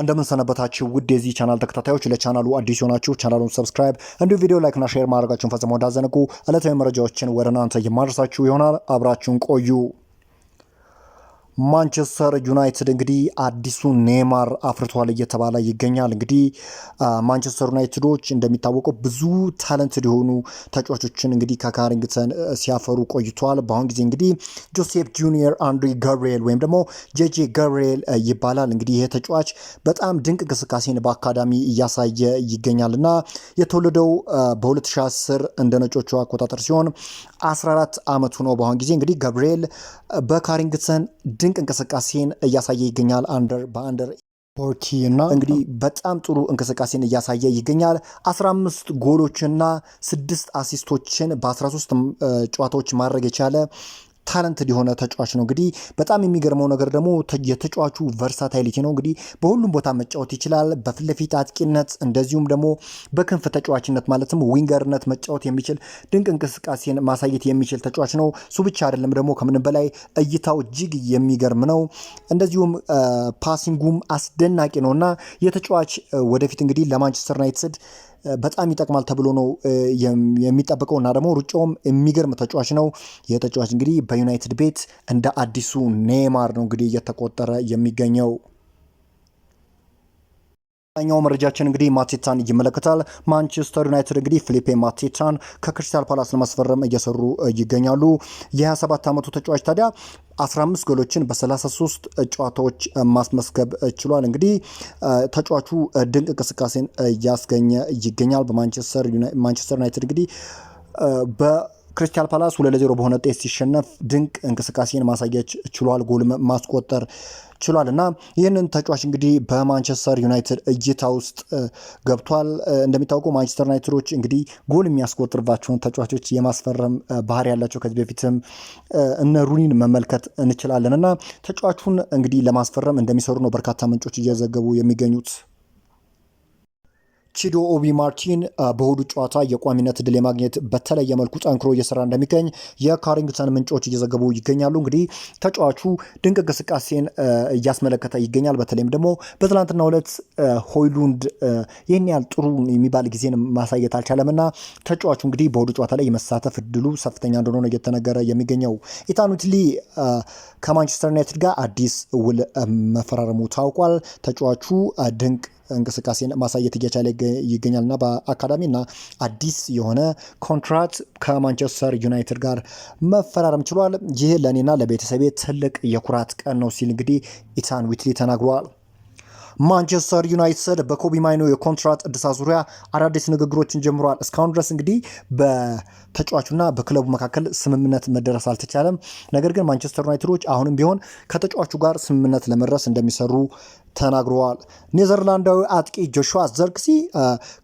እንደምንሰነበታችሁ ውድ የዚህ ቻናል ተከታታዮች፣ ለቻናሉ አዲስ የሆናችሁ ቻናሉን ሰብስክራይብ እንዲሁም ቪዲዮ ላይክና ሼር ማድረጋችሁን ፈጽሞ እንዳዘነጉ ዕለታዊ መረጃዎችን ወደ እናንተ የማድረሳችሁ ይሆናል። አብራችሁን ቆዩ። ማንቸስተር ዩናይትድ እንግዲህ አዲሱ ኔማር አፍርቷል እየተባለ ይገኛል። እንግዲህ ማንቸስተር ዩናይትዶች እንደሚታወቀው ብዙ ታለንትድ የሆኑ ተጫዋቾችን እንግዲህ ከካሪንግተን ሲያፈሩ ቆይቷል። በአሁን ጊዜ እንግዲህ ጆሴፍ ጁኒየር አንድሪ ገብርኤል ወይም ደግሞ ጄጄ ገብርኤል ይባላል። እንግዲህ ይሄ ተጫዋች በጣም ድንቅ እንቅስቃሴን በአካዳሚ እያሳየ ይገኛል እና የተወለደው በ2010 እንደ ነጮቹ አቆጣጠር ሲሆን 14 ዓመቱ ነው። በአሁን ጊዜ እንግዲህ ገብርኤል በካሪንግተን ድንቅ እንቅስቃሴን እያሳየ ይገኛል። አንደር በአንደር ፖርኪ እና እንግዲህ በጣም ጥሩ እንቅስቃሴን እያሳየ ይገኛል። 15 ጎሎችና ስድስት አሲስቶችን በ13 ጨዋታዎች ማድረግ የቻለ ታለንትድ የሆነ ተጫዋች ነው። እንግዲህ በጣም የሚገርመው ነገር ደግሞ የተጫዋቹ ቨርሳታይሊቲ ነው። እንግዲህ በሁሉም ቦታ መጫወት ይችላል። በፊት ለፊት አጥቂነት፣ እንደዚሁም ደግሞ በክንፍ ተጫዋችነት ማለትም ዊንገርነት መጫወት የሚችል ድንቅ እንቅስቃሴን ማሳየት የሚችል ተጫዋች ነው። እሱ ብቻ አይደለም ደግሞ ከምንም በላይ እይታው እጅግ የሚገርም ነው። እንደዚሁም ፓሲንጉም አስደናቂ ነው እና የተጫዋች ወደፊት እንግዲህ ለማንቸስተር ዩናይትድ በጣም ይጠቅማል ተብሎ ነው የሚጠበቀው እና ደግሞ ሩጫውም የሚገርም ተጫዋች ነው። ይህ ተጫዋች እንግዲህ በዩናይትድ ቤት እንደ አዲሱ ኔማር ነው እንግዲህ እየተቆጠረ የሚገኘው። ኛው መረጃችን እንግዲህ ማቴታን ይመለከታል። ማንቸስተር ዩናይትድ እንግዲህ ፊሊፔ ማቴታን ከክሪስታል ፓላስ ለማስፈረም እየሰሩ ይገኛሉ። የ27 ዓመቱ ተጫዋች ታዲያ 15 ጎሎችን በ33 ጨዋታዎች ማስመስገብ ችሏል። እንግዲህ ተጫዋቹ ድንቅ እንቅስቃሴን እያስገኘ ይገኛል። በማንቸስተር ዩናይትድ እንግዲህ ክሪስታል ፓላስ ሁለት ለዜሮ በሆነ ውጤት ሲሸነፍ ድንቅ እንቅስቃሴን ማሳየት ችሏል። ጎልም ማስቆጠር ችሏል እና ይህንን ተጫዋች እንግዲህ በማንቸስተር ዩናይትድ እይታ ውስጥ ገብቷል። እንደሚታወቁ ማንቸስተር ዩናይትዶች እንግዲህ ጎል የሚያስቆጥርባቸውን ተጫዋቾች የማስፈረም ባህሪ ያላቸው ከዚህ በፊትም እነ ሩኒን መመልከት እንችላለን እና ተጫዋቹን እንግዲህ ለማስፈረም እንደሚሰሩ ነው በርካታ ምንጮች እየዘገቡ የሚገኙት። ቺዶ ኦቢ ማርቲን በእሁዱ ጨዋታ የቋሚነት ድል የማግኘት በተለየ መልኩ ጠንክሮ እየሰራ እንደሚገኝ የካሪንግተን ምንጮች እየዘገቡ ይገኛሉ። እንግዲህ ተጫዋቹ ድንቅ እንቅስቃሴን እያስመለከተ ይገኛል። በተለይም ደግሞ በትላንትና ሁለት ሆይሉንድ ይህን ያህል ጥሩ የሚባል ጊዜን ማሳየት አልቻለም እና ተጫዋቹ እንግዲህ በእሁዱ ጨዋታ ላይ የመሳተፍ እድሉ ሰፍተኛ እንደሆነ እየተነገረ የሚገኘው። ኢታኑትሊ ከማንቸስተር ዩናይትድ ጋር አዲስ ውል መፈራረሙ ታውቋል። ተጫዋቹ ድንቅ እንቅስቃሴን ማሳየት እየቻለ ይገኛል እና በአካዳሚና አዲስ የሆነ ኮንትራት ከማንቸስተር ዩናይትድ ጋር መፈራረም ችሏል። ይህ ለእኔና ለቤተሰቤ ትልቅ የኩራት ቀን ነው ሲል እንግዲህ ኢታን ዊትሊ ተናግሯል። ማንቸስተር ዩናይትድ በኮቢ ማይኖ የኮንትራት እድሳት ዙሪያ አዳዲስ ንግግሮችን ጀምሯል። እስካሁን ድረስ እንግዲህ በተጫዋቹና በክለቡ መካከል ስምምነት መደረስ አልተቻለም። ነገር ግን ማንቸስተር ዩናይትዶች አሁንም ቢሆን ከተጫዋቹ ጋር ስምምነት ለመድረስ እንደሚሰሩ ተናግረዋል። ኔዘርላንዳዊ አጥቂ ጆሹዋ ዘርክሲ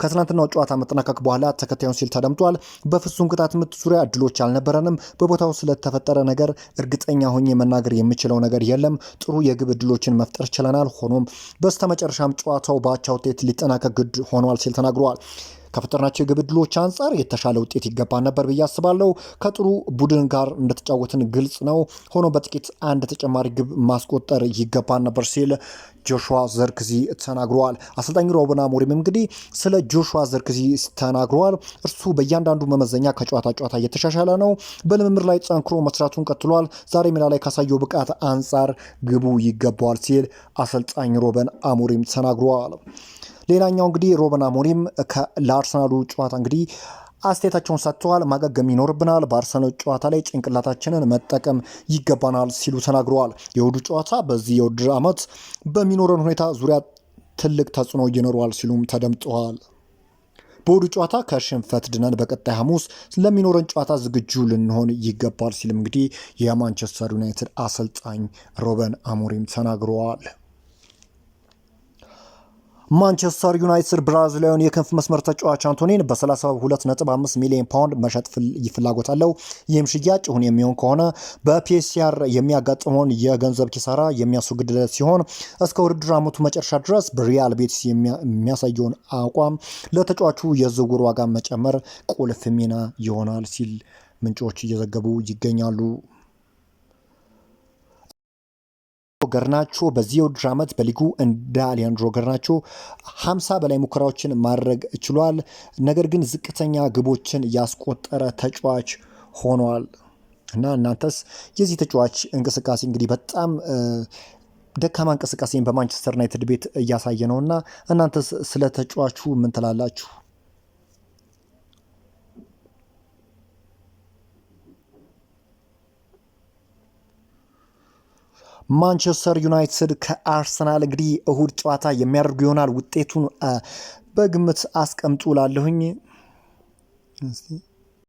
ከትናንትናው ጨዋታ መጠናቀቅ በኋላ ተከታዩን ሲል ተደምጧል። በፍጹም ቅጣት ምት ዙሪያ እድሎች አልነበረንም። በቦታው ስለተፈጠረ ነገር እርግጠኛ ሆኜ መናገር የምችለው ነገር የለም። ጥሩ የግብ እድሎችን መፍጠር ችለናል። ሆኖም በስ መጨረሻም ጨዋታው በአቻ ውጤት ሊጠናቀቅ ግድ ሆኗል ሲል ተናግረዋል። ከፈጠርናቸው የግብ ዕድሎች አንጻር የተሻለ ውጤት ይገባ ነበር ብዬ አስባለሁ። ከጥሩ ቡድን ጋር እንደተጫወትን ግልጽ ነው። ሆኖ በጥቂት አንድ ተጨማሪ ግብ ማስቆጠር ይገባ ነበር ሲል ጆሹዋ ዘርክዚ ተናግረዋል። አሰልጣኝ ሩበን አሞሪም እንግዲህ ስለ ጆሹዋ ዘርክዚ ተናግረዋል። እርሱ በእያንዳንዱ መመዘኛ ከጨዋታ ጨዋታ እየተሻሻለ ነው። በልምምድ ላይ ጠንክሮ መስራቱን ቀጥሏል። ዛሬ ሜዳ ላይ ካሳየው ብቃት አንጻር ግቡ ይገባዋል ሲል አሰልጣኝ ሮበን አሞሪም ተናግረዋል። ሌላኛው እንግዲህ ሮበን አሞሪም ለአርሰናሉ ጨዋታ እንግዲህ አስተያየታቸውን ሰጥተዋል። ማገገም ይኖርብናል፣ በአርሰናል ጨዋታ ላይ ጭንቅላታችንን መጠቀም ይገባናል ሲሉ ተናግረዋል። የወዱ ጨዋታ በዚህ የውድድር ዓመት በሚኖረን ሁኔታ ዙሪያ ትልቅ ተጽዕኖ ይኖረዋል ሲሉም ተደምጠዋል። በውዱ ጨዋታ ከሽንፈት ድነን በቀጣይ ሐሙስ ለሚኖረን ጨዋታ ዝግጁ ልንሆን ይገባል ሲልም እንግዲህ የማንቸስተር ዩናይትድ አሰልጣኝ ሮበን አሞሪም ተናግረዋል። ማንቸስተር ዩናይትድ ብራዚላዊውን የክንፍ መስመር ተጫዋች አንቶኒን በ32.5 ሚሊዮን ፓውንድ መሸጥ ፍላጎት አለው። ይህም ሽያጭ ሁን የሚሆን ከሆነ በፒኤስሲአር የሚያጋጥመውን የገንዘብ ኪሳራ የሚያስወግድለት ሲሆን እስከ ውድድር ዓመቱ መጨረሻ ድረስ በሪያል ቤቲስ የሚያሳየውን አቋም ለተጫዋቹ የዝውውር ዋጋ መጨመር ቁልፍ ሚና ይሆናል ሲል ምንጮች እየዘገቡ ይገኛሉ። ገርናቾ በዚህ የውድድር ዓመት በሊጉ እንደ አሊያንድሮ ገርናቾ 50 በላይ ሙከራዎችን ማድረግ ችሏል። ነገር ግን ዝቅተኛ ግቦችን ያስቆጠረ ተጫዋች ሆኗል እና እናንተስ የዚህ ተጫዋች እንቅስቃሴ እንግዲህ በጣም ደካማ እንቅስቃሴን በማንቸስተር ዩናይትድ ቤት እያሳየ ነውና እናንተስ ስለ ተጫዋቹ ምን ትላላችሁ? ማንቸስተር ዩናይትድ ከአርሰናል እንግዲህ እሁድ ጨዋታ የሚያደርጉ ይሆናል። ውጤቱን በግምት አስቀምጡ ላለሁኝ